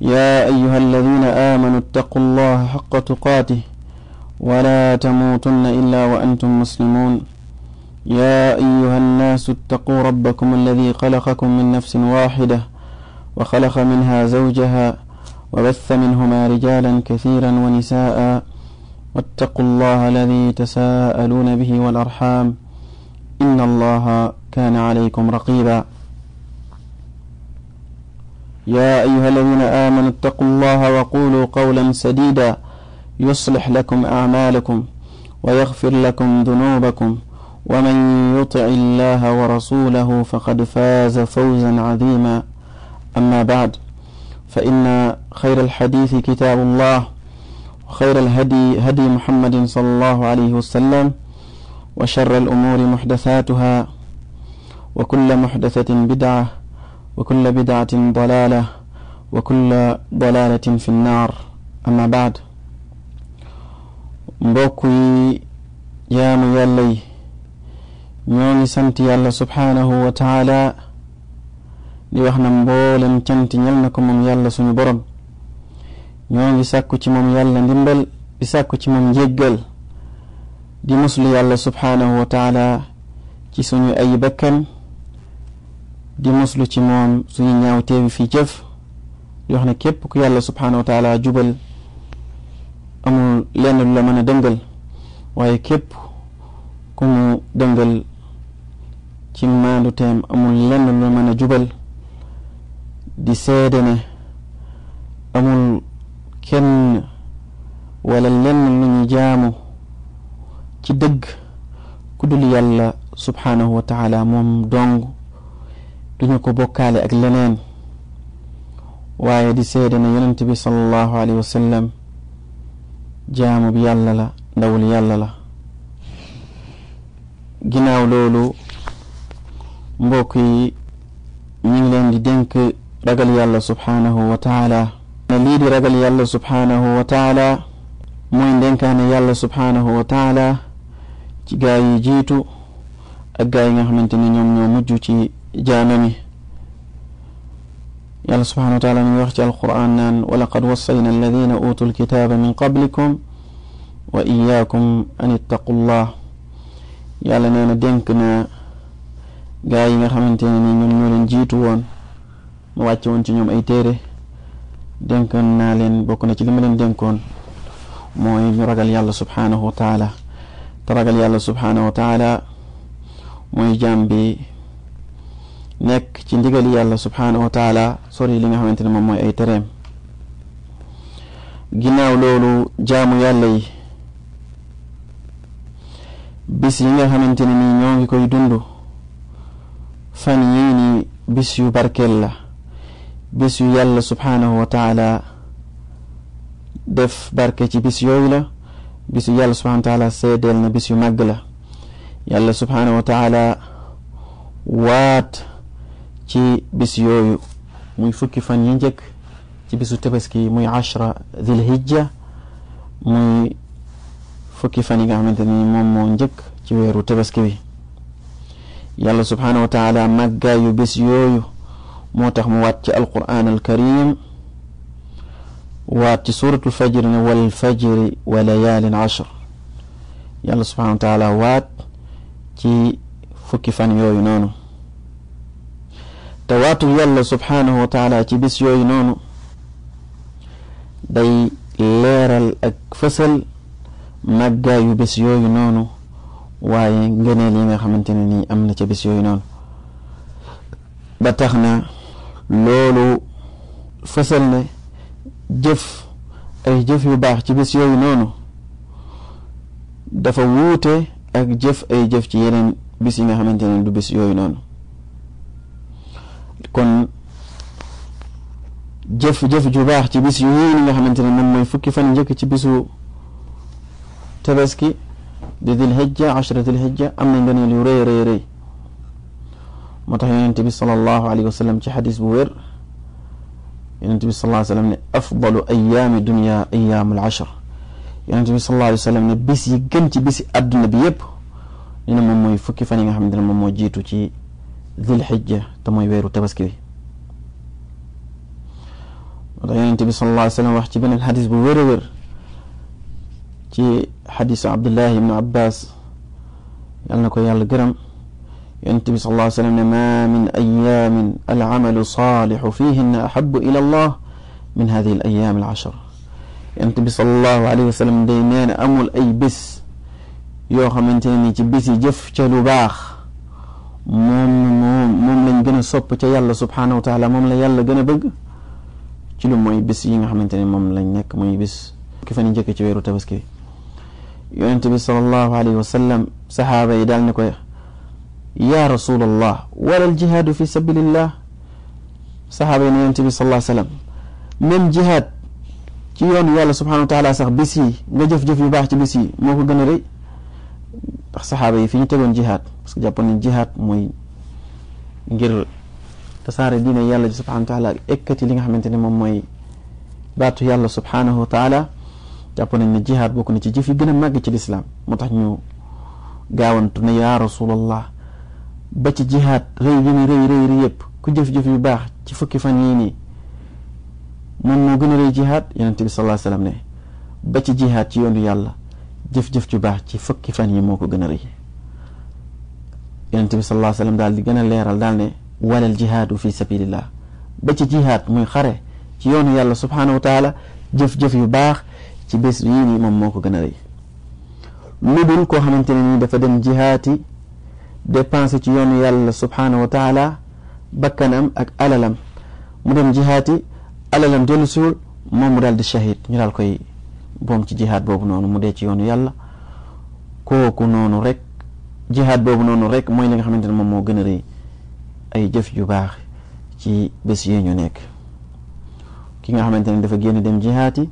يا أيها الذين آمنوا اتقوا الله حق تقاته ولا تموتن إلا وأنتم مسلمون يا أيها الناس اتقوا ربكم الذي خلقكم من نفس واحدة وخلق منها زوجها وبث منهما رجالا كثيرا ونساء واتقوا الله الذي تساءلون به والأرحام إن الله كان عليكم رقيبا يا أيها الذين آمنوا اتقوا الله وقولوا قولا سديدا يصلح لكم أعمالكم ويغفر لكم ذنوبكم ومن يطع الله ورسوله فقد فاز فوزا عظيما أما بعد فإن خير الحديث كتاب الله وخير الهدي هدي محمد صلى الله عليه وسلم وشر الأمور محدثاتها وكل محدثة بدعة وكل بدعة ضلالة وكل ضلالة في النار أما بعد بوكي يا ميالي يوم سنتي الله سبحانه وتعالى لوحنا مبولا كنتي نلنكم من يالله سنو برم يوم يساكو تمام يالله نمبل يساكو تمام يجل دي مسلي الله سبحانه وتعالى كي سنو أي بكن di muslu ci moom suñu ñaawteewi fi jëf di wax ne képp ku yàlla subhaanahu wa jubal amul lenn lu la mën a dëngal waaye képp ku mu dëngal ci maandu teem amul lenn lu la mën a jubal di seede amul kenn wala lenn lu ñu jaamu ci dëgg ku dul yàlla subhaanahu wa taala moom dong duñu ko bokkaale ak leneen waaye di seede na yonent bi sallallahu alayhi wa sallam la ndawul yàlla la ginnaaw loolu mbokk yi ñu ngi leen di dénk ragal yàlla subhaanahu wa taala na lii di ragal yàlla subhaanahu wa taala mooy ndénkaane yàlla subhaanahu wa jiitu ak nga xamante ne ñoom ñoo mujj يا الله سبحانه وتعالى من وقت القرآن ولقد وصينا الذين أوتوا الكتاب من قبلكم وإياكم أن اتقوا الله يا نانا دينكنا جاي نخمنتيني من نورين جيتوان مواتيوان تنيوم أي تيري دينكنا لين بوكنا تلمين دينكون موي رجل يلا سبحانه وتعالى ترجل يلا سبحانه وتعالى موي جنبي nekk ci ndigali yàlla subhaanahu wa taala sori li nga xamante ne moom mooy ay tereem ginnaaw loolu jaamu yàlla yi bis yi nga xamante ne nii ñoo ngi koy dund fan yii nii bis yu barkeel la bis yu yàlla subhaanahu wa def barke ci bis yooyu la bisi yu yàlla subhaanahu seedeel na bis yu màgg la yàlla subhaanahu wa waat ci bis yooyu muy fukki fan yi njëkk ci bisu tabaski muy ashra dhil hijja muy fukki fan yi nga xamante ni moom moo njëkk ci weeru tabaski bi yàlla subhanahu wa taala màggaayu bis yooyu moo tax mu waat ci alquran alkarim waat ci suratul fajr ne wal fajri wa layaalin ashr yàlla subhaanahu wa taala waat ci fukki fan yooyu noonu tawatu yalla subhanahu wa taala ci bis yooyu noonu day leeral ak fësal màggaayu bis yooyu noonu waaye ngëneel yi nga xamante ne nii am na ca bis yooyu noonu ba tax na loolu fësal na jëf ay jëf yu baax ci bis yooyu noonu dafa wuute ak jëf ay jëf ci yeneen bis yi nga xamante ne du bis yooyu noonu kon jëf jëf ju baax ci bis yooyu nga xamante ne moom fukki fan njëkk ci bisu tabaski di dil hijja ashra dil hijja am na ngëneel yu rëy rëy rëy moo tax yonente bi alayhi wa sallam ci xadis bu wér yonente bi salallahu alayhi wa sallam ne afdalu ayaami dunia ayaamu al ashar yonente bi salallahu alayhi wa sallam ne bis yi gën ci bisi àdduna bi yépp nee na moom mooy fukki fan yi nga xamante ne moom moo ci ذي الحجة تموي بيرو تبسكي ودعي أنت صلى الله عليه وسلم وحتي بين الحديث بويرور تي حديث عبد الله بن عباس يالنكو يال قرم ينتبه صلى الله عليه وسلم ما من أيام العمل صالح فيهن أحب إلى الله من هذه الأيام العشر ينتبه صلى الله عليه وسلم دينين أمول أي بس يوخم انتيني تبسي جف جلو باخ mom moo moom lañ gën sopp ci yàlla subhanahu wa taala mom la yàlla gëna bëgg ci lu moy bis yi nga xamanteni mom moom lañ nekk mooy bis ki fa ni jëk ci wëru tabaski yoonte bi sallallahu alayhi wa sallam sahaba yi dal ni ko yaa rasulallah wala jihad fi sabilillah saxaaba yi bi sallallahu alayhi wa sallam même jihad ci yoon yàlla subhanahu wa taala sax bis yi nga jëf-jëf yu baax ci bis yi moko gëna gën ndax sahaba yi fi ñu tegoon jihaad parce que jàppoon nañ jihaad mooy ngir tasaare diine yàlla ji subhanahu wa taala ekkati li nga xamante ne moom mooy baatu yàlla subhanahu wa taala jàppoon nañ ne jihaad bokk na ci jëf yi gën a màgg ci lislaam moo tax ñu gaawantu ne yaa rasulallah ba ci jihaad rëy gi rëy rëy ku jëf-jëf yu baax ci fukki fan yii nii moom moo gën a rëy jihaad yonente bi ne ba ci jihaad ci yoonu yàlla jëf-jëf ju baax ci fukki fan yi moo ko gën a rëy yonente bi sallallahu alayhi wa sallam daal di gën a leeral daal ne walal jihaadu fi sabilillah ba ci jihaad muy xare ci yoonu yàlla subhaanahu wa taala jëf-jëf yu baax ci bés yii nii moom moo ko gën a rëy lu dul koo xamante ne nii dafa dem jihaati dépensé ci yoonu yàlla subhaanahu wa taala bakkanam ak alalam mu dem jihaati alalam dellusiwul moom mu daal di shahid ñu daal koy boom ci jihaad boobu noonu mu dee ci yoonu yàlla kooku noonu rek jihaad boobu noonu rek mooy li nga xamante ne moom moo gën a rëy ay jëf yu baax ci bés yi ñu nekk ki nga xamante ne dafa génn dem jihaad yi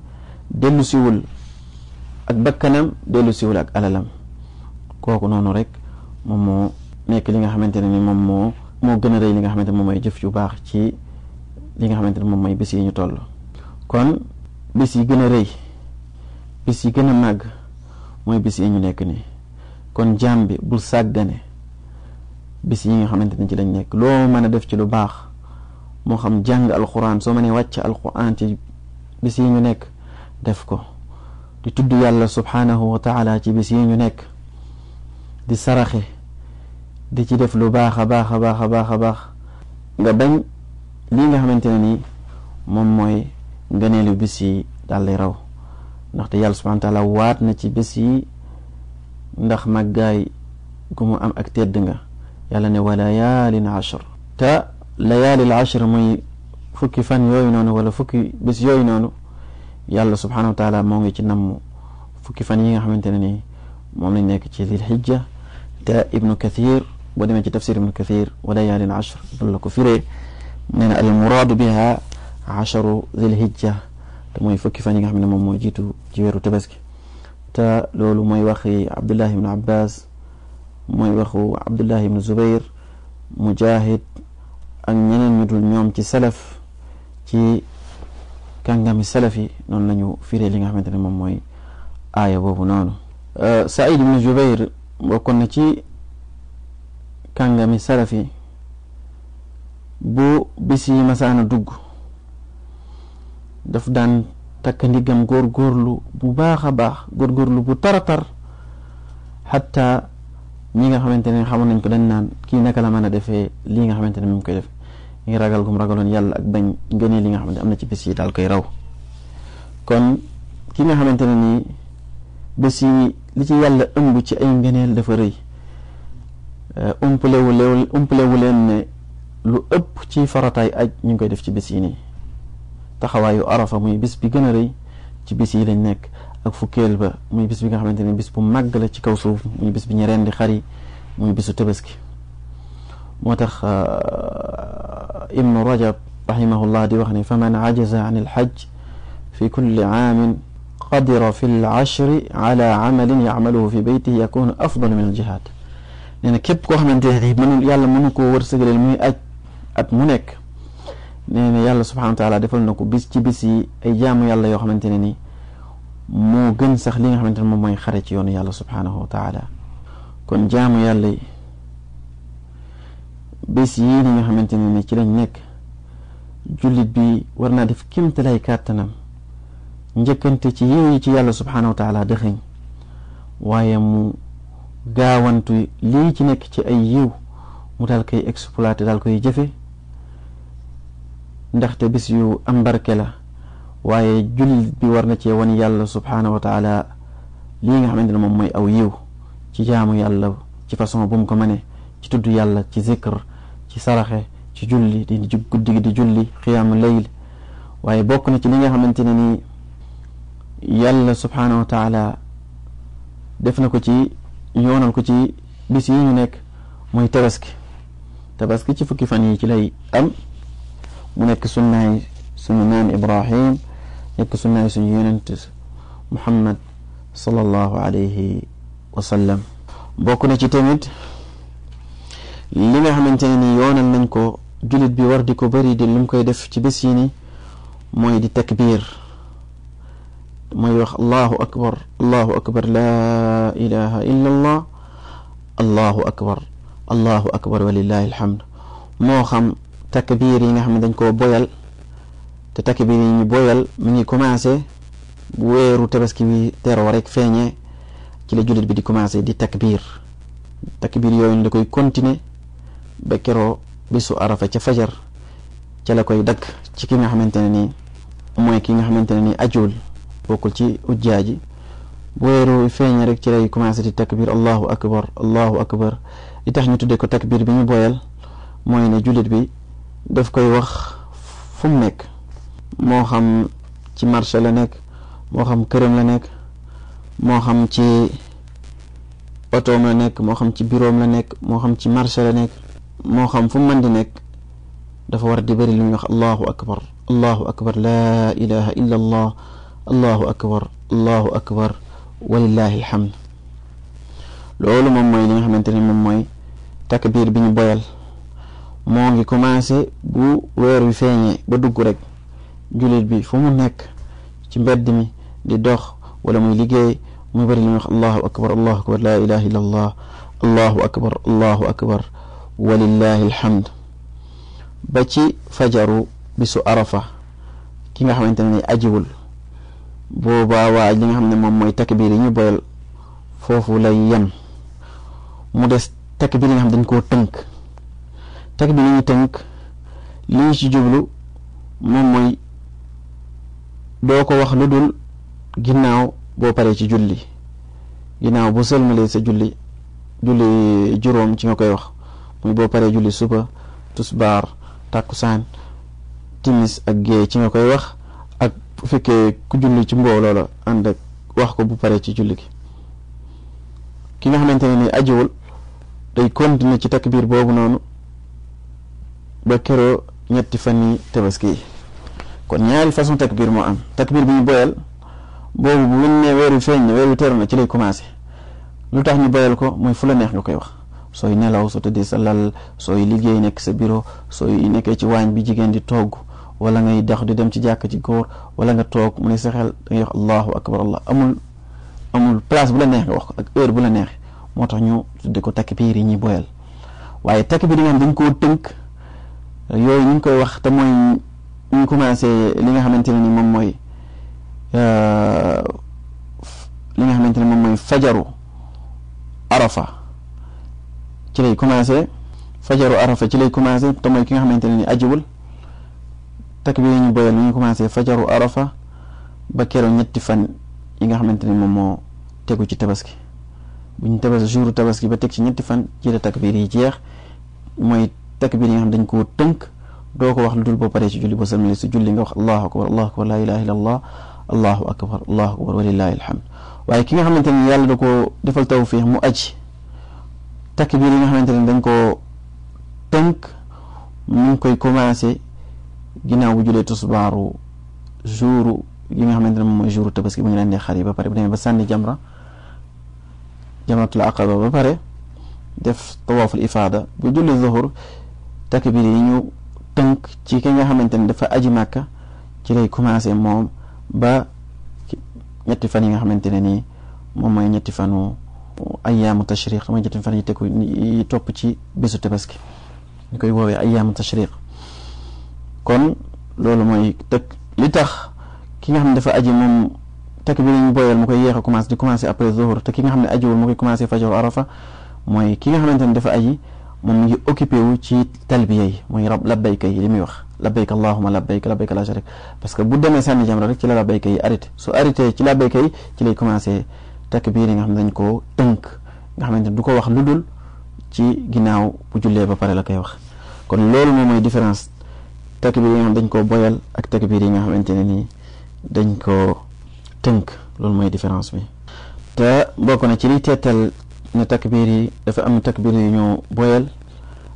dellu ak bakkanam dellu siwul ak alalam kooku noonu rek moom moo nekk li nga xamante ne ni moom moo moo gën a rëy li nga xamante ne moom mooy jëf yu baax ci li nga xamante ni moom mooy bés yi ñu toll kon bés yi gën a rëy bis yi gën a màgg mooy bis yi ñu nekk nii kon jaam bi bul sàggane bis yi nga xamante ne ci lañ nekk loo mën a def ci lu baax moo xam jàng alquran soo mënee wàcc alquran ci bis yi ñu nekk def ko di tudd yàlla subhaanahu wa ci bis yi ñu nekk di saraxe di ci def lu baax a baax a baax a baax a baax nga bañ lii nga xamante ne nii moom mooy ngëneelu bis yi daal lay raw ndaxte yàlla subhana taala waat na ci bés yi ndax màggaay gu mu am ak tedd nga yàlla ne wa layaalin ashar te layaalil ashar muy fukki fan yooyu noonu wala fukki bés yooyu noonu yàlla subhana wa taala moo ngi ci namm fukki fan yi nga xamante ne ni moom lañ nekk ci dil xijja te ibnu kathir boo demee ci tafsir ibnu kathir wa layaalin ashar la ko firee nee na al muraadu biha asharu dil hijja te mooy fukki fan yi nga xam ne moom mooy jiitu ci weeru tabaski te loolu mooy waxi abdullahi ibnu abbas mooy waxu abdullahi ibnu zubair mujahid ak ñeneen ñu ñoom ci salaf ci kàngami salaf yi noonu lañu firee li nga xamante ne moom mooy aaya boobu noonu euh, saïd bokkoon na ci kàngami salaf yi bu bis yi masaana dugg daf daan takk ndigam lu bu baax a baax góorgóorlu bu taratar xatta ñi nga xamante ne xamoon nañ ko dañ naan kii naka la mën a defee lii nga xamante ne mi ngi koy def ngi ragal gum ragaloon yàlla ak bañ ngënee li nga xamante am na ci bés yi daal koy raw kon ki nga xamante ne nii bés li ci yàlla ëmb ci ay ngëneel dafa rëy umpalewulew euh, umpalewu leen ne lu ëpp ci farataay aj ñu ngi koy def ci bés yi taxawaayu arafa muy bis bi gën a rëy ci bis yi lañ nekk ak fukkeel ba muy bis bi nga xamante ne bis bu màgg la ci kaw suuf muy bis bi ñu rendi xar yi muy bisu tabaski moo tax ibnu rajab rahimahullah di wax ne fa man ajaza an alxaj fi kulli aamin qadira fi lashri ala amalin yacmaluhu fi beytihi yakunu afdalu min aljihaad nee na képp koo xamante ne mënul yàlla mënu koo wërsëgaleel muy aj at mu nekk nee na yàlla subhaanahu wa defal na ko bis ci bis yi ay jaamu yàlla yoo xamante ne ni moo gën sax li nga xamante ne moom mooy xare ci yoonu yàlla subhaanahu wa taala kon jaamu yàlla yi bis yii xamante ne ci lañ nekk jullit bi war naa def kimtalay kàttanam njëkkante ci yi ci yàlla subhaanahu wa taala dëxëñ waaye mu gaawantu lii ci nekk ci ay yiw mu daal koy exploité daal koy jëfe ndaxte bis yu am barke la waaye jullit bi war na cee wan yàlla subhaanahu wa taala lii nga xamante ne moom mooy aw yiw ci jaamu yàlla ci façon bu mu ko mëne ci tudd yàlla ci zikr ci saraxe ci julli di guddi gi di julli xiyaamu layl waaye bokk na ci li nga xamante ne nii yàlla subhaanahu wa taala def na ko ci yoonal ko ci bis yi ñu nekk mooy tabaski tabaski ci fukki fan yi ci lay mu nekk sunnaay sunu maam Ibrahim nekk sunnaay suñu yonent Muhammad sallallahu alayhi wa sallam bokk na ci tamit li nga xamante ne ni yoonal nañ ko julit bi war di ko bëri di lu mu koy def ci bés yi ni mooy di takbir mooy wax allahu akbar allahu akbar laa ilaha illa allah allahu akbar allahu akbar walillahi alhamd moo xam takbiir yi nga xam ne dañ koo boyal te takbiir yi ñu boyal mu ngi commencé bu weeru tabaski bi teroo rek feeñee ci la jullit bi di commencé di takbiir takbiir yooyu da koy continuer ba keroo bisu arafa ca fajar ca la dakk ci ki nga xamante ne nii mooy ki nga xamante ne nii ajul bokkul ci ujjaaji bu weeru feeñee rek ci lay commencé di takbiir allahu akbar allahu akbar di tax ñu tuddee ko takbiir bi ñu boyal mooy ne jullit bi daf koy wax fu mu nekk moo xam ci marché la nekk moo xam këram la nekk moo xam ci otoom la nekk moo xam ci biroom la nekk moo xam ci marché la nekk moo xam fu mën di nekk dafa war di bëri lu ñuy wax allahu akbar allahu akbar laa ilaha illa allah allahu akbar allahu akbar walillahi alhamd loolu moom mooy li nga xamante ne moom mooy takbir bi ñu boyal moo ngi commencé bu weer wi feeñee ba dugg rek julit bi fu mu nekk ci mbedd mi di dox wala muy liggéey muy bari li wax allahu akbar allahu akbar laa ilaha illa allah allahu akbar allahu akbar walillahi alhamd ba ci fajaru bisu arafa ki nga xamante ne ajiwul boobaa waaj li nga xam ne moom mooy takbiir yi ñu boyal foofu lay yem mu des takbir yi nga xam dañ koo tënk teg bi lañu tënk li ñu ci jublu moom mooy boo ko wax lu dul ginnaaw boo paree ci julli ginnaaw bu sëlmalee sa julli julli juróom ci nga koy wax muy boo paree julli suba tusbaar takkusaan timis ak gée ci nga koy wax ak bu fekkee ku julli ci mbooloo la ak wax ko bu paree ci julli gi ki nga xamante ne ni ajiwul day continuer ci takbiir boobu noonu ba keroo ñetti fan yi tabaski yi kon ñaari façon takbir moo am takbir bi ñu boyal boobu bu ñu ne weeru feeñ na weeru teru na ci lay commencé lu tax ñu boyal ko mooy fu la neex nga koy wax sooy nelaw soo tëddee sa lal sooy liggéey nekk sa bureau sooy nekkee ci waañ bi jigéen di togg wala ngay dox di dem ci jàkk ci góor wala nga toog mu ne sa xel da ngay wax allahu akbar allah amul amul place bu la neex nga wax ko ak heure bu la neex moo tax ñu tudde ko takbir yi ñuy boyal waaye takbir yi nga xam dañ koo tënk yooyu ñu ngi koy wax te mooy ñu commencé li nga xamante ni moom mooy euh, li nga xamante ne moom mooy fajaru arafa ci lay commencé fajaru arofa ci lay commencé te mooy ki nga xamante ne ni ajiwul takbir yi ñu boyal li ñu commencé fajaru arafa ba keroog ñetti fan yi nga xamante ni moom moo tegu ci tabaski bu ñu tabaski jour tabaski ba teg ci ñetti fan ci la takbir yi jeex mooy تكبير يام دنج كو تنك دوكو واخ ندول بو باري سي جولي بو سامي سي جولي نغا واخ الله اكبر الله اكبر لا اله الا الله الله اكبر الله اكبر ولله الحمد واي كيغا خامتاني يالا دوكو ديفال توفيق مو اجي تكبير يغا خامتاني دنج كو تنك مون كوماسي غيناو جولي تصبارو جورو يغا خامتاني مو جورو تبسكي مون راني خاري با باري بني با ساني جامرا جامرة العقبة با باري def tawaf al ifada bu julli dhuhur takbir yi ñu tënk ci ki nga xamante ne dafa aji màkka ci lay commencé moom ba ñetti fan yi nga xamante ne nii moom mooy ñetti fanu ayaamu tashriq mooy ñetti fan yi tegu yi topp ci bésu tabaski ñu koy woowee ayaamu tashriq kon loolu mooy teg li tax ki nga xam ne dafa aji moom takbir yi ñu booyal mu koy yéex a di commencé après zuhur te ki nga xam ne ajiwul mu koy commencé fajaru arafa mooy ki nga xamante ne dafa aji moom mi ngi occupé wu ci talbiya yi muy rab labbayka yi li muy wax labbayka allahumma labbayka la sharik parce que bu demee sànni jamra rek ci la labbayka yi arrêté su arrêté yi ci lay commencé takbiir yi nga xam ne koo tënk nga xamante ne du ko wax lu dul ci ginnaaw bu jullee ba pare la koy wax kon loolu moom mooy différence takbiir yi nga xam dañ koo boyal ak takbiir yi nga xamante ne nii dañ koo tënk loolu mooy différence bi te bokk na ci liy teetal ne takbiir yi dafa am takbiir yu ñoo boyal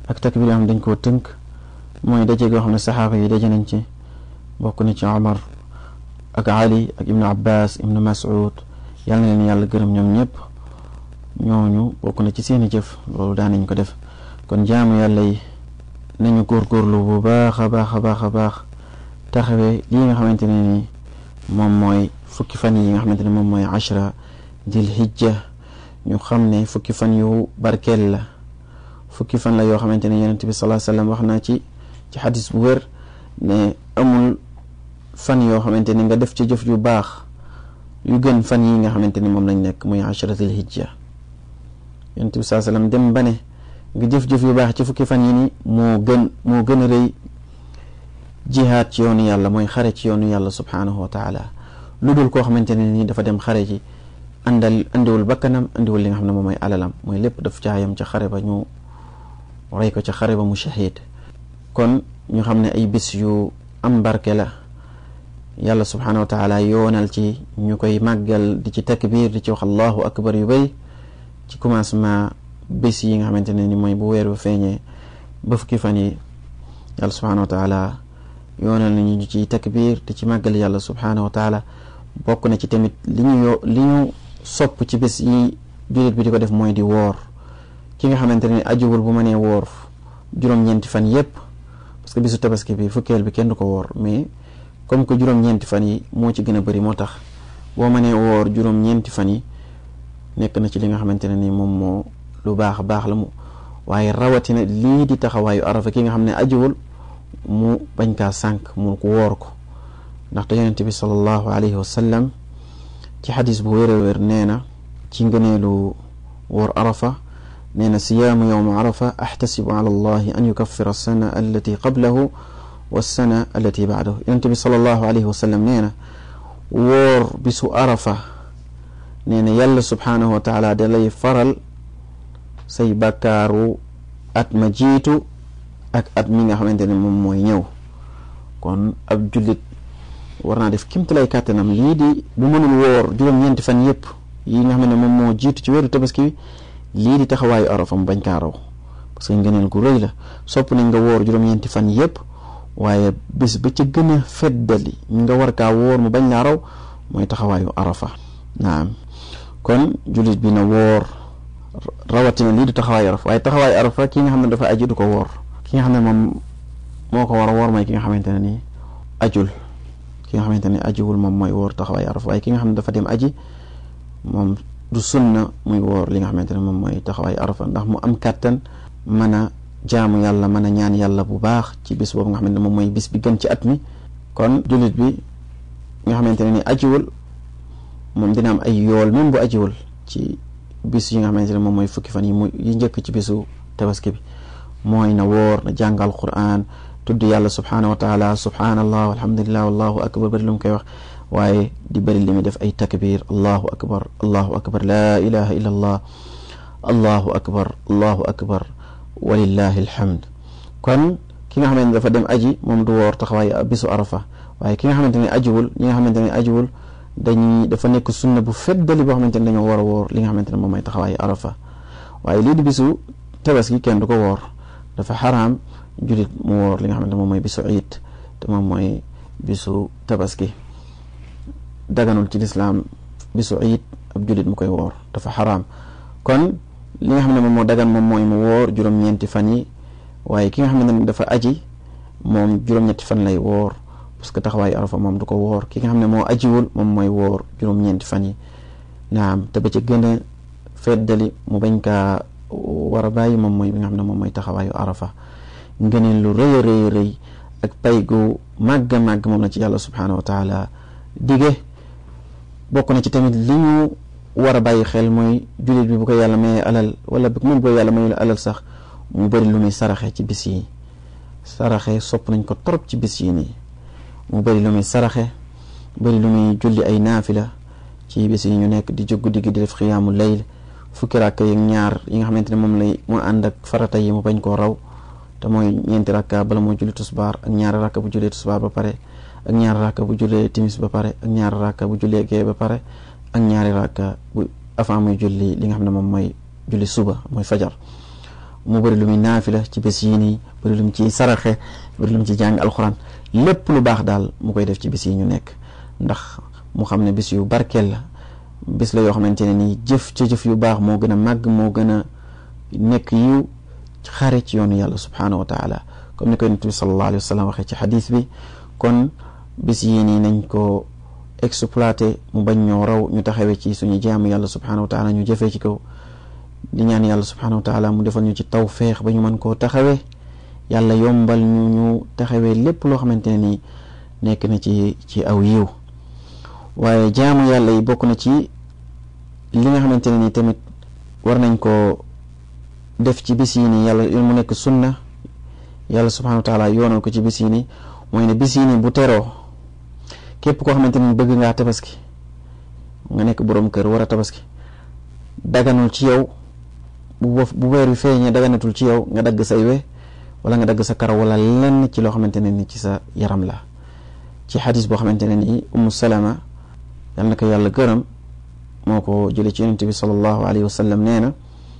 ak takbiir yoo xam dañ koo tënk mooy daje goo xam ne saxaaba yi daje nañ ci bokk na ci Omar ak Ali ak Ibnu Abbas Ibnu Mas'ud yàlla na leen yàlla gërëm ñoom ñëpp ñooñu bokk na ci seeni jëf loolu daan nañ ko def kon jaamu yàlla yi nañu góorgóorlu bu baax a baax a baax a baax taxawee lii nga xamante ne ni moom mooy fukki fan yi nga xamante ne moom mooy ashra dil hijja ñu xam ne fukki fan yu barkeel la fukki fan la yoo xamante ne yonent bi salaa sallam wax naa ci ci xadis bu wér ne amul fan yoo xamante ne nga def ci jëf yu baax yu gën fan nga xamante ne moom lañ nekk muy ashratul hijja yonent bi salaa sallam dem ba ne nga yu baax ci fukki fan yi ni gën moo gën a rëy jihaad ci yoonu yàlla mooy xare ci yoonu yàlla subhaanahu wa taala lu dul koo xamante ne nii dafa dem xare ci àndal andiwul bakkanam andiwul li nga xam ne moom mooy alalam mooy lépp daf caayam ca xare ñu rey ko ca xare ba mu shahid kon ñu xam ne ay bis yu am barke la yàlla subhanahu wa taala yoonal ci ñu koy màggal di ci takbir di ci wax allahu akbar yu bay ci commencement bis yi nga xamante ne ni mooy bu weer bu feeñee ba fukki fan yi yàlla subhanahu wa taala yoonal nañu ci màggal yàlla subhanahu bokk na ci tamit li ñu sopp ci bis yi jullit bi di ko def mooy di woor ki nga xamante ni ajuwul bu mënee woor juróom-ñeenti fan yépp parce que bisu tabaski bi fukkeel bi kenn du ko woor mais comme que juróom-ñeenti fan yi moo ci gën a bëri moo tax boo mënee woor juróom fan yi nekk na ci li nga xamante ne ni moom moo lu baax baax la mu waaye rawatina lii di taxawaayu arafa ki nga xam ne ajuwul mu bañ kaa sànq mu ko woor ko ndaxte yonente bi sallallahu alayhi wa sallam ti حديث buwere wer nena cingenelu ور عرفة نينا صيام يوم عرفة أحتسب على الله أن يكفر السنة التي قبله والسنة التي بعده ينتبه صلى الله عليه وسلم نينا ور بسو عرفة نينا يلا سبحانه وتعالى دلي فرل سي بكارو أتمجيتو أك أتمنى حمد المموينيو كون أبجلت war naa def kimtalay kàttanam lii di bu mënul woor juróom-ñeenti fan yëpp yi nga ne moom moo jiitu ci weeru tabaski bi lii di taxawaayu mu bañ kaa raw parce que ngëneel gu rëy la sopp nañ nga woor juróom-ñeenti fan yëpp waaye bis ba ca gën a feddali nga war kaa woor mu bañ laa raw mooy taxawaayu arafa naam kon jullit bi na woor rawatina lii di taxawaayu arafa waaye taxawaayu arafa ki nga xam ne dafa aji du ko woor ki nga xam ne moom moo ko war a woor mooy ki nga xamante ne nii ajul ki nga xamante ne ajiwul moom mooy woor taxawaay araf waaye ki nga xam ne dafa dem aji moom du sunna muy woor li nga xamante ne moom mooy taxawaay arafa ndax mu am kàttan mën a jaamu yàlla mën a ñaan yàlla bu baax ci bis boobu nga xamante ne moom mooy bis bi gën ci at mi kon jullit bi nga xamante ne ni ajiwul moom dina am ay yool même bu ajiwul ci bis yi nga xamante ne moom mooy fukki fan yi mu yi njëkk ci bisu tabaski bi mooy na woor na jàngal Qur'an tudd yàlla subhaanahu wa taala subhaanallah alhamdulillah wallahu akbar bëri lu mu koy wax waaye di bëri li muy def ay takbir allahu akbar allahu akbar laa ilaha illa allah allahu akbar allahu akbar walillahi alhamd kon ki nga xamante ne dafa dem aji moom du woor taxawaay bisu arafa waaye ki nga xamante ne ajiwul ñi nga xamante ne ajiwul dañuy dafa nekk sunna bu feddali boo xamante ne dañoo war a woor li nga xamante moom mooy taxawaay arafa waaye lii di bisu tabaski kenn du ko woor dafa xaraam julit mu wor li nga xamne mom moy bisu eid te mom moy bisu tabaski daganul ci l'islam bisu eid ab julit mu koy wor dafa Haram. kon li nga xamne mom mo dagan mom moy mu wor jurom ñenti fan yi waye ki nga xamne dafa aji mom jurom ñetti fan lay wor parce que taxaway arafa mom duko wor ki nga xamne mo aji wul mom moy wor jurom ñenti fan yi naam te ba ci gëna a feddali mu bañ ka war mom moy nga xamne mom moy arafa ngëneel lu rëy a rëy rëy ak pay gu màgg a màgg moom la ci yàlla subhaanahu wa taala dige bokk na ci tamit li ñu war a bàyyi xel mooy jullit bi bu ko yàlla mayee alal wala bu même bu ko yàlla mayul alal sax mu bëri lu muy saraxe ci bis yi saraxe sopp nañ ko torop ci bis yi nii mu bëri lu muy saraxe bëri lu muy julli ay naafila ci bis yi ñu nekk di jóg guddi gi di def xiyaamu layl fukki rakk yi ñaar yi nga xamante ne moom lay mu ànd ak farata yi mu bañ koo raw te mooy ñeenti rakka bala moo julli tisbaar ak ñaari rakka bu jullee tisbaar ba pare ak ñaari rakka bu jullee timis ba pare ak ñaari rakka bu jullee gee ba pare ak ñaari rakka bu avant muy julli li nga xam ne moom mooy julli suba mooy fajar mu bëri lu muy naafila ci bés yi nii bëri lu ciy saraxe bëri lu mu ci jàng alxuraan lépp lu baax daal mu koy def ci bés yi ñu nekk ndax mu xam ne bés yu barkeel la bés la yoo xamante ne nii jëf ca jëf yu baax moo gën a màgg moo gën a nekk yiw xare ci yoonu yàlla subhaanahu wa taala ni ko yonent bi sallallahu alayhi wa sallam waxee ci xadis bi kon bis yii nii nañ ko exploité mu bañ ñoo raw ñu taxawee ci suñu jaamu yàlla subhaanahu wa taala ñu jëfee ci kaw di ñaan yàlla subhaanahu wa taala mu defal ñu ci tawféex ba ñu mën koo taxawee yàlla yombal ñu ñu taxawee lépp loo xamante ne nii nekk na ci ci aw yiw waaye jaamu yàlla yi bokk na ci li nga nii tamit war nañ koo def ci bis yi nii yàlla mu nek sunna yalla subhanahu wa taala yono ko ci bis yi ne bis yi bu tero kep ko xamanteni bëgg tabaski nga nek borom kër wara tabaski daganul ci yow bu bu weer wi daganatul ci yow nga dag say we wala nga dag sa karaw wala lenn ci lo xamanteni ni ci sa yaram la ci hadith bo xamanteni ni ummu salama yalla ko yàlla gërëm moo ci yunus bi sallallahu alayhi wa sallam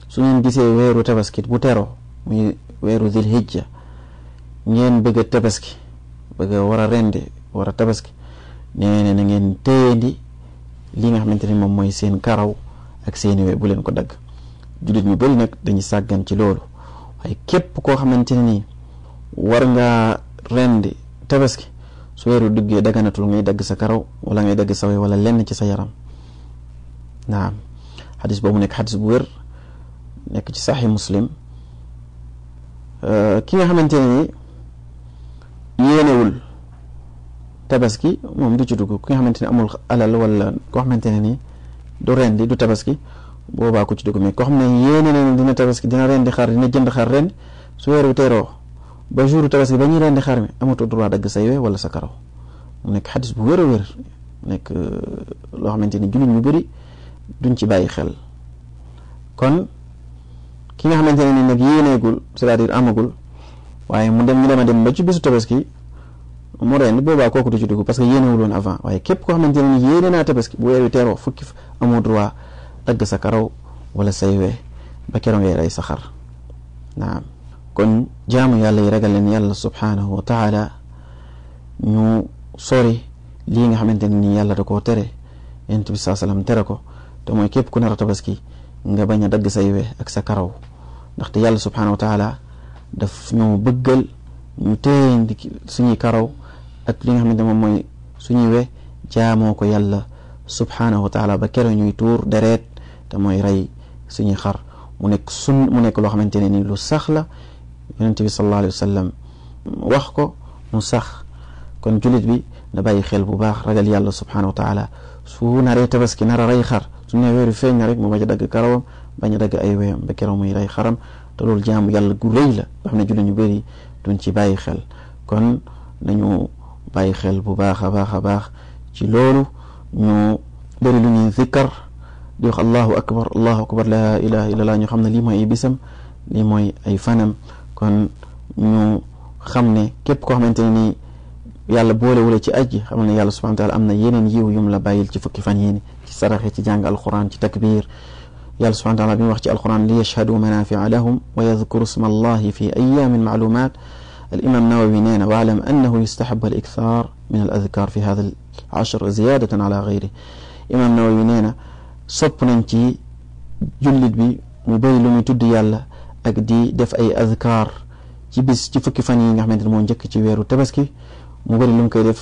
su ngeen gisee weeru tabaskit bu teroo muy weeru zilhijja ngeen bëgg a tabaski bëgg a war a rendi war a tabaski nee na na ngeen téyendi li nga xamante ni moom mooy seen karaw ak seeni we bu leen ko dagg jullit ñu bëri nag dañuy sàggan ci loolu waaye képp koo xamante ne nii war ngaa rendi tabaski su weeru duggee daganatul ngay dagg sa karaw wala ngay dagg sa we wala lenn ci sa yaram naam xadis mu nekk xadis bu wér nekk ci saxi muslim euh, ki nga xamante ne ni yéenewul tabaski moom du ci dugg ki nga xamante ne amul alal wala koo xamante ne ni du rendi du tabaski boobaa ku ci dugg mais koo xam ne yéene na dina tabaski dina rendi xar dina jënd xar ren su weer wi teeroo ba jour tabaski ba ñuy rendi xar mi amatu droit dagg sa yooyu wala sa karaw mu nekk xadis bu wér a wér nekk euh, loo xamante ni jullit ñu bari duñ ci bàyyi xel ki nga xamante ne nii nag yéeneegul c'est-à-dire amagul waaye mu dem ñu dem a dem ba ci bisu tabaski mu ren boobaa kooku du ci dugg parce que yéenewul woon avant waaye képp koo xamante ne nii yéene naa tabaski bu weer wi teeroo fukki amoo droit dagg sa karaw wala say we ba keroog ngay rey sa xar naam kon jaamu yàlla yi ragal leen yàlla subhaanahu wa taala ñu sori lii nga xamante ni nii yàlla koo tere yonent bi saa tere ko te mooy képp ku nar a tabaski nga bañ a dagg say we ak sa karaw ndaxte yàlla subhaanahu wa taala daf ñoo bëggal ñu téye suñuy karaw ak li nga xam xamante moom mooy suñuy we jaamoo ko yàlla subhaanahu wa taala ba kero ñuy tuur dereet te mooy rey suñuy xar mu nekk sun mu nekk loo xamante ne ni lu sax la yonente bi sallallahu alayhi wa sallam wax ko mu sax kon julit bi na bàyyi xel bu baax ragal yàlla subhaanahu wa taala su naree tabaski nara rey xar su ne weeru feeñ rek mu bañ a dagg karawam bañ dagg ay weyam ba keroog muy rey xaram te loolu jaamu yàlla gu rëy la nga xam ne jullit ñu bëri duñ ci bàyyi xel kon nañu bàyyi xel bu baax a baax a baax ci loolu ñu bëri lu ñuy zikkar di wax allahu akbar allahu akbar laa ilaha illa allah ñu xam ne lii mooy ay bisam lii mooy ay fanam kon ñu xam ne képp koo xamante ne nii yàlla boolewula ci aj ji xam ne yàlla subhanahu wa am na yeneen yiw yum la bàyyil ci fukki fan yéeni سراخي تجانج القرآن تكبير يال سبحانه وتعالى بيوخ القرآن ليشهدوا منافع لهم ويذكروا اسم الله في أيام المعلومات الإمام نووي نينا وعلم أنه يستحب الإكثار من الأذكار في هذا العشر زيادة على غيره إمام نووي نينا صبننتي جلد بي مبيل ميتود يالا أكدي دف أي أذكار جبس جفك فاني نحمد المونجك جويرو تبسكي مبيل لنكي دف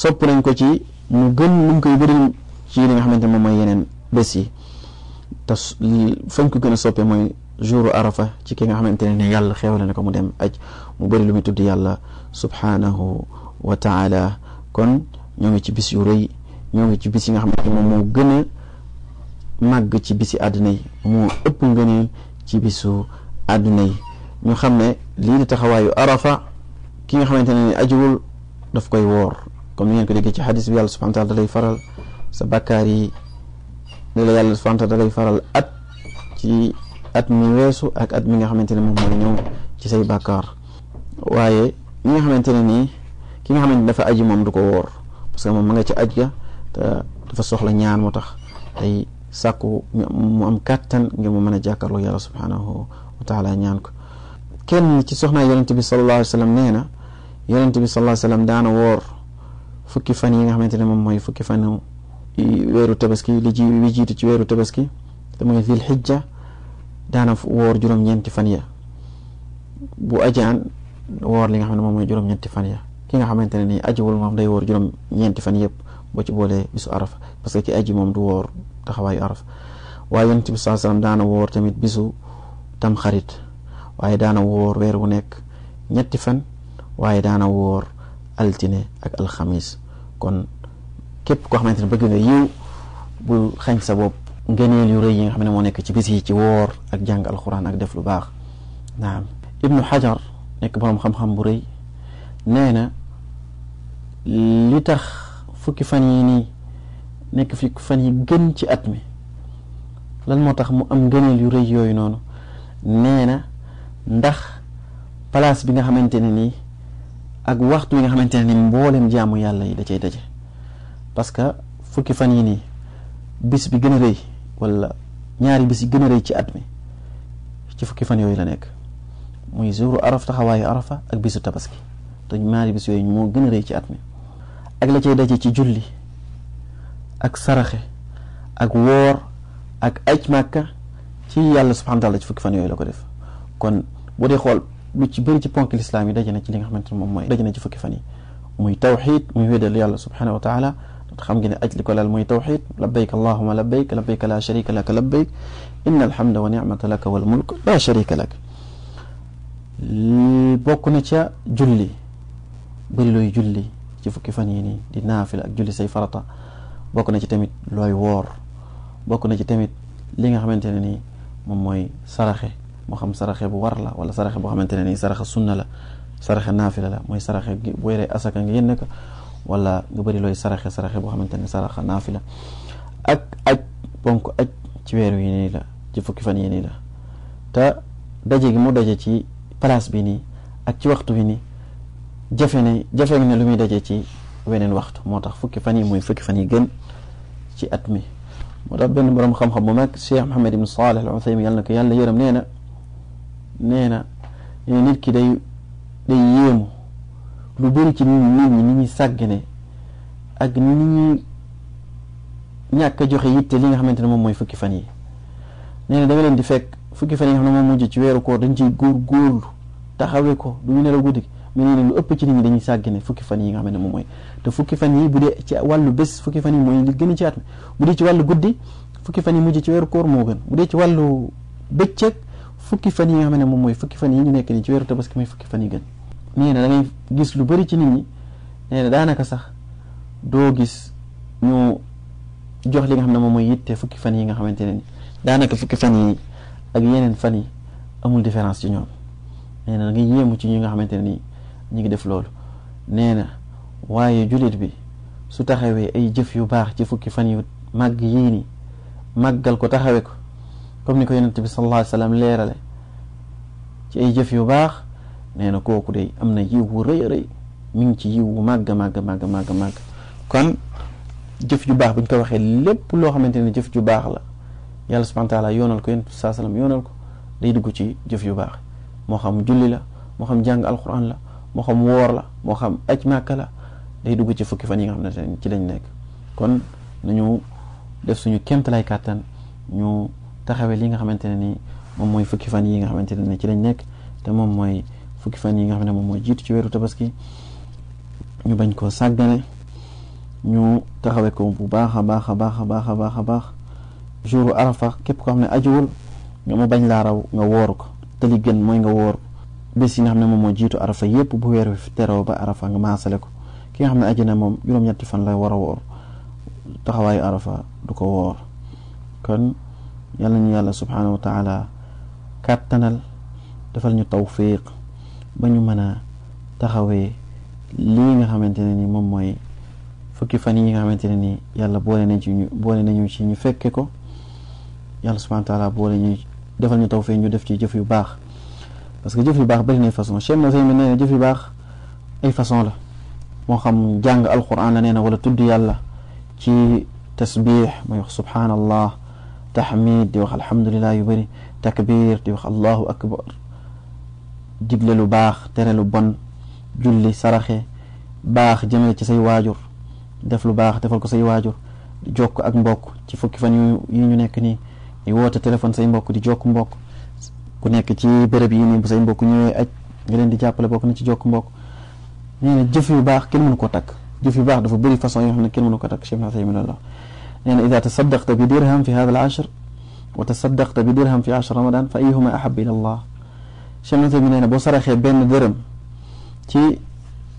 صبننكو جي مبيل لنكي ci li nga xamante moom mooy yeneen bés yi te fañ ko gën a soppe mooy jouru arafa ci ki nga xamante ne ne yàlla xéewale na ko mu dem aj mu bari lu muy tudd yàlla subhaanahu wa taala kon ñoo ngi ci bis yu rëy ñoo ngi ci bis yi nga xamante moom moo gëna a màgg ci bisi àdduna yi moo ëpp ngëneel ci bisu àdduna yi ñu xam ne lii di taxawaayu arafa ki nga xamante ne ne ajiwul daf koy woor comme ni ngeen ko déggee ci xadis bi yàlla subhaanahu wa dalay faral sa bàkkaar yi ni la yàlla subhanahu wa taala day faral at ci at mi weesu ak at mi nga xamante ne moom mooy ñëw ci say bàkkaar waaye ñi nga xamante ne ki nga xamante dafa aji moom du ko parce que moom ma nga ci aj ga te dafa soxla ñaan moo tax sàkku mu am kàttan ngir mu mën a jàkkaarloo yàlla subhanahu wa taala ñaan ko kenn ci soxnaa yonente bi sallallahu alayhi wa sallam nee na yonente bi sallallahu alayhi wa sallam daana woor fukki fan yi nga xamante ne moom fukki fanu weeru tabaski li ji li jiitu ci weeru tabaski te mooy zil xijja daana woor juróom-ñeenti fan ya bu ajaan woor li nga xam ne moom mooy juróom fan ya ki nga xamante ne ni ajiwul moom day woor juróom-ñeenti fan yëpp boo ci boolee bisu arafa parce que ki aji moom du woor taxawaayu arafa waaye yonent bi saa daana woor tamit bisu tam waaye daana woor weer wu nekk ñetti fan waaye daana woor altine ak alxamis képp koo xamante ne bëgg nga yiw bu xañ sa bopp ngëneel yu rëy yi nga xam ne moo nekk ci bis yi ci woor ak jàng alxuraan ak def lu baax naam ibnu xajar nekk boroom xam-xam bu rëy nee na li tax fukki fan yi nii nekk fi fan yi gën ci at mi lan moo tax mu am ngëneel yu rëy yooyu noonu nee na ndax place bi nga xamante ne nii ak waxtu wi nga xamante ne nii mboolem jaamu yàlla yi da cay daje parce que fukki fan yi ni bis bi gëna reuy wala ñaari bis yi gëna reuy ci at mi ci fukki fan yoy la nek muy zuru araf taxawaayu arafa ak bisu tabaski to ñaari bis yoy mo gëna reuy ci at mi ak la cey daje ci julli ak saraxe ak wor ak aj màkka ci yàlla subhanahu wa taala ci fukki fan yoy la ko def kon bu di xol lu ci bari ci ponk l'islam yi daje na ci li nga xamanteni mom moy daje na ci fukki fan yi muy tawhid muy wédal yàlla subhanahu wa taala xam nga ne aj li ko laal mooy tawxid labbayk allahuma labbayk labbayk la sharika laka labbayk inna alhamda wa nicmata laka wal mulk la sharika lak bokk na ca julli bëri looy julli ci fukki fan yi nii di naafila ak julli say farata bokk na ci tamit looy woor bokk na ci tamit li nga xamante ne nii moom mooy saraxe moo xam saraxe bu war la wala saraxe boo xamante ne nii saraxe sunna la saraxe naafila la mooy saraxe bu yore asaka nga yénn ka wala nga bari looy saraxe saraxe boo xamante ne saraxa naafila ak aj bonk aj ci weer yi nii la ci fukki fan yi nii la te daje gi mu daje ci place bi nii ak ci waxtu bi nii jafe ne jafe ne lu muy daje ci weneen waxtu moo tax fukki fan yi mooy fukki fan yi gën ci at mi moo tax benn borom xam-xam bu mag Cheikh Mohamed Ibn Salih Al Uthaymin yàlla na ko yàlla yërëm nee na nee na nit ki day day yéemu lu bëri ci nit ñi nit ñi ñuy sàggane ak ni ñuy ñàkk a joxe yitte li nga xamante ne moom mooy fukki fan yi nee na leen di fekk fukki fan yi nga xam ne ci weeru góor góorlu taxawee nee na lu ëpp ci nit ñi dañuy sàggane fukki yi nga xamante ne moom mooy te fukki fan yi bu dee ci wàllu bés fukki fan yi mooy gën a ci at mi bu dee ci wàllu guddi fukki fan yi mujj ci weeru koor moo gën bu dee ci wàllu bëccëg fukki fan yi nga xam ne moom mooy fukki fan yi ñu nekk nii ci weeru tabaski mooy fukki fan yi gën nee na da gis lu bari ci nit ñi nee na daanaka sax doo gis ñu jox li nga xam ne moom mooy yitte fukki fan yi nga xamante ne ni daanaka fukki fan yi ak yeneen fan yi amul différence ci ñoom nee na yéemu ci ñi nga xamante ne ni ñu ngi def loolu nee na waaye jullit bi su taxawee ay jëf yu baax ci fukki fan yu màgg yii ni màggal ko taxawee ko comme ni ko yonent bi sallallahu alayhi wa leerale ci ay jëf yu baax nee na kooku de am na yiw wu rëy a rëy mi ngi ci yiw wu màgg màgg màgg màgg màgg kon jëf ju baax bu ñu ko waxee lépp loo xamante ne jëf ju baax la yàlla subhanahu wa taala yoonal ko yonent saa yoonal ko day dugg ci jëf yu baax moo xam julli la moo xam jàng alquran la moo xam woor la moo xam aj màkka la day dugg ci fukki fan yi nga xamante ne ci lañ nekk kon nañu def suñu kéemtalaay kàttan ñu taxawee li nga xamante ne ni moom mooy fukki fan yi nga xamante ne ni ci lañ nekk te moom mooy fukki fan yi nga xam ne moom mooy jiitu ci weeru tabaski ñu bañ koo sàggane ñu taxawee ko bu baax a baax a baax a baax a baax a baax jouru arafa képp koo xam ne ajuwul nga mu bañ laa raw nga woor ko te li gën mooy nga woor bés yi nga xam ne moom moo jiitu arafa yépp bu weer wi teroo ba arafa nga maasale ko ki nga xam ne aju na moom juróom-ñetti fan la war a woor taxawaayu arafa du ko woor kon yàlla ñu yàlla subhanahu wa taala kàttanal defal ñu tawfiq bañu mëna taxawé li nga xamanteni ni mom moy fukki fan yi nga xamanteni ni yàlla boole nañ ci ñu boole nañu ci ñu fekke ko yàlla subhanahu wa taala boole ñu defal ñu taw ñu def ci jëf yu baax parce que jëf yu baax bari na façon Cheikh Moussa mi nee jëf yu baax ay façon la mo xam jàng alquran la nee wala tuddu yàlla ci tasbix mooy wax subhanallah tahmid di wax alhamdulilah yu bëri takbir di wax allahu akbar digle lu baax tere lu bon julli saraxe baax jëmale ci say waajur def lu baax defal ko say waajur di jokk ak mbokk ci fukki fan yi ñu nekk nii di woote téléphone say mbokk di jokk mbokk ku nekk ci béréb yi nii bu say mbokk ñëwee aj nga leen di jàppale bokk na ci jokk mbokk nee na jëf yu baax kenn mënu ko takk jëf yu baax dafa bëri façon yoo xam ne kenn mënu ko takk cheikh Uthaymin Allah nee na ida tasaddaqta bi dirham fi hada al ashr wa tasaddaqta bi dirham fi ashr ramadan fa ayuhuma ahab ila allah شمنته من هنا بصرخ بين درم تي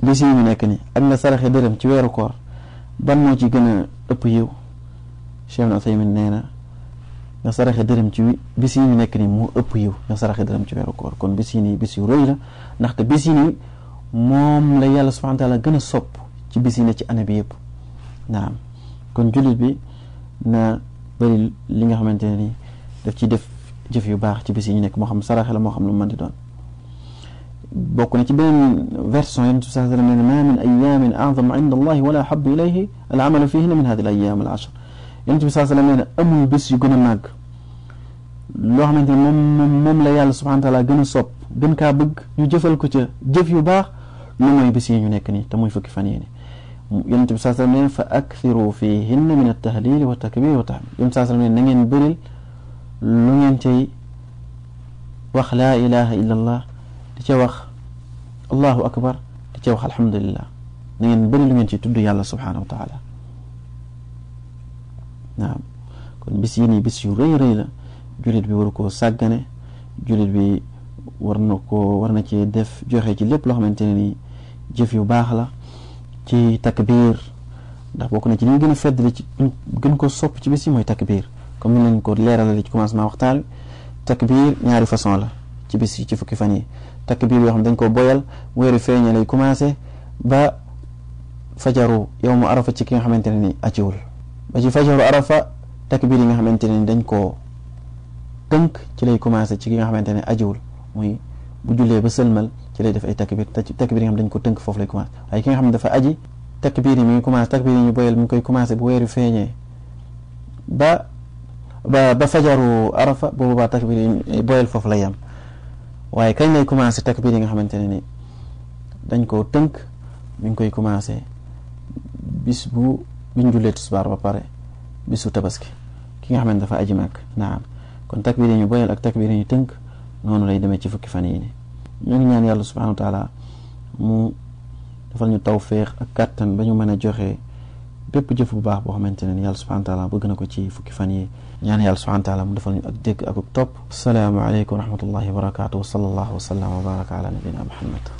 بسي من هكني أدنى صرخ درم تي وير كور بن مو تي جنا أبيو شمن أثي من هنا نصرة خدرم تي بسي من هكني مو أبيو نصرة خدرم تي وير كور كون بسيني بسي روي لا نحكي بسيني موم لا يالله سبحانه وتعالى جنا صوب تي بسيني تي أنا بيب نعم كون جلبي نا بري لينغ هم تاني دفتي دفت jëf yu baax ci bis yi ñu nekk moo xam saraxe la moo xam lu mu mën di doon bokk na ci beneen version yonent bi saa sallam ne ma min ayamin azam inda allahi wala habu ilayhi al amalu fihina min hadi al ayam al ashar yonent bi saa sallam nee na amul bés yu gën a màgg loo xamante ne moom moom moom la yàlla subhanahu taala gën a sopp gën kaa bëgg ñu jëfal ko ca jëf yu baax lu mooy bés yi ñu nekk nii te muy fukki fan yii nii yonent bi saa sallam nee na fa akthiru fihinna min at tahlil wa takbir wa tahmid yonent bi saa sallam nee na ngeen bëril lu ngeen cay wax laa ilaha illa di ca wax allahu akbar di ca wax alhamdulillah na ngeen bëri lu ngeen ciy tudd yàlla subhanahu wa taala naam kon bis yi nii bis yu rëy rëy la jullit bi war koo sàggane jullit bi war na koo war na cee def joxe ci lépp loo xamante ne nii jëf yu baax la ci takbiir ndax bokk na ci li gën a fedd ci gën ko sopp ci bis yi mooy takbiir comme ni nañ ko leeralal ci commencement waxtaan wi takbiir ñaari façon la ci bis ci fukki fan yi takbiir yoo xam dañ ko boyal weeru feeñe lay commencé ba fajaru yawmu arafa ci ki nga xamante ne ni aciwul ba ci fajaru arafa takbiir yi nga xamante ne dañ koo tënk ci lay commencé ci ki nga xamante ne ajiwul muy bu jullee ba sëlmal ci lay def ay takbir takbir yi nga dañ ko tënk foofu lay commencé waaye ki nga xam ne dafa aji takbir yi mi ngi commencé takbir ñu koy commencé bu weeru feeñee ba ba fajaru arafa bu boobaa takbir yi booyal foofu lay yam waaye kañ lay commencé takbir yi nga xamante ne ni dañ koo tënk mi ngi koy commencé bis bu biñ jullee tisbaar ba pare bisu tabaski ki nga xamante dafa aji màkk naam kon takbir yi ñu booyal ak takbir yi ñu tënk noonu lay demee ci fukki fan yi ni ñoo ñaan yàlla subhanahu wa taala mu defal ñu tawféex ak kattan ba ñu mën a joxe bépp jëf bu baax boo xamante ne ni yàlla subhanahu bëgg na ko ci fukki fan yi ñaan yàlla subhanahu wa taala mu defal ñu ak dégg ak ak topp asalaamaaleykum wa rahmatullahi wa barakaatu wa sallallahu wa sallam wa baraka ala nabina muhammad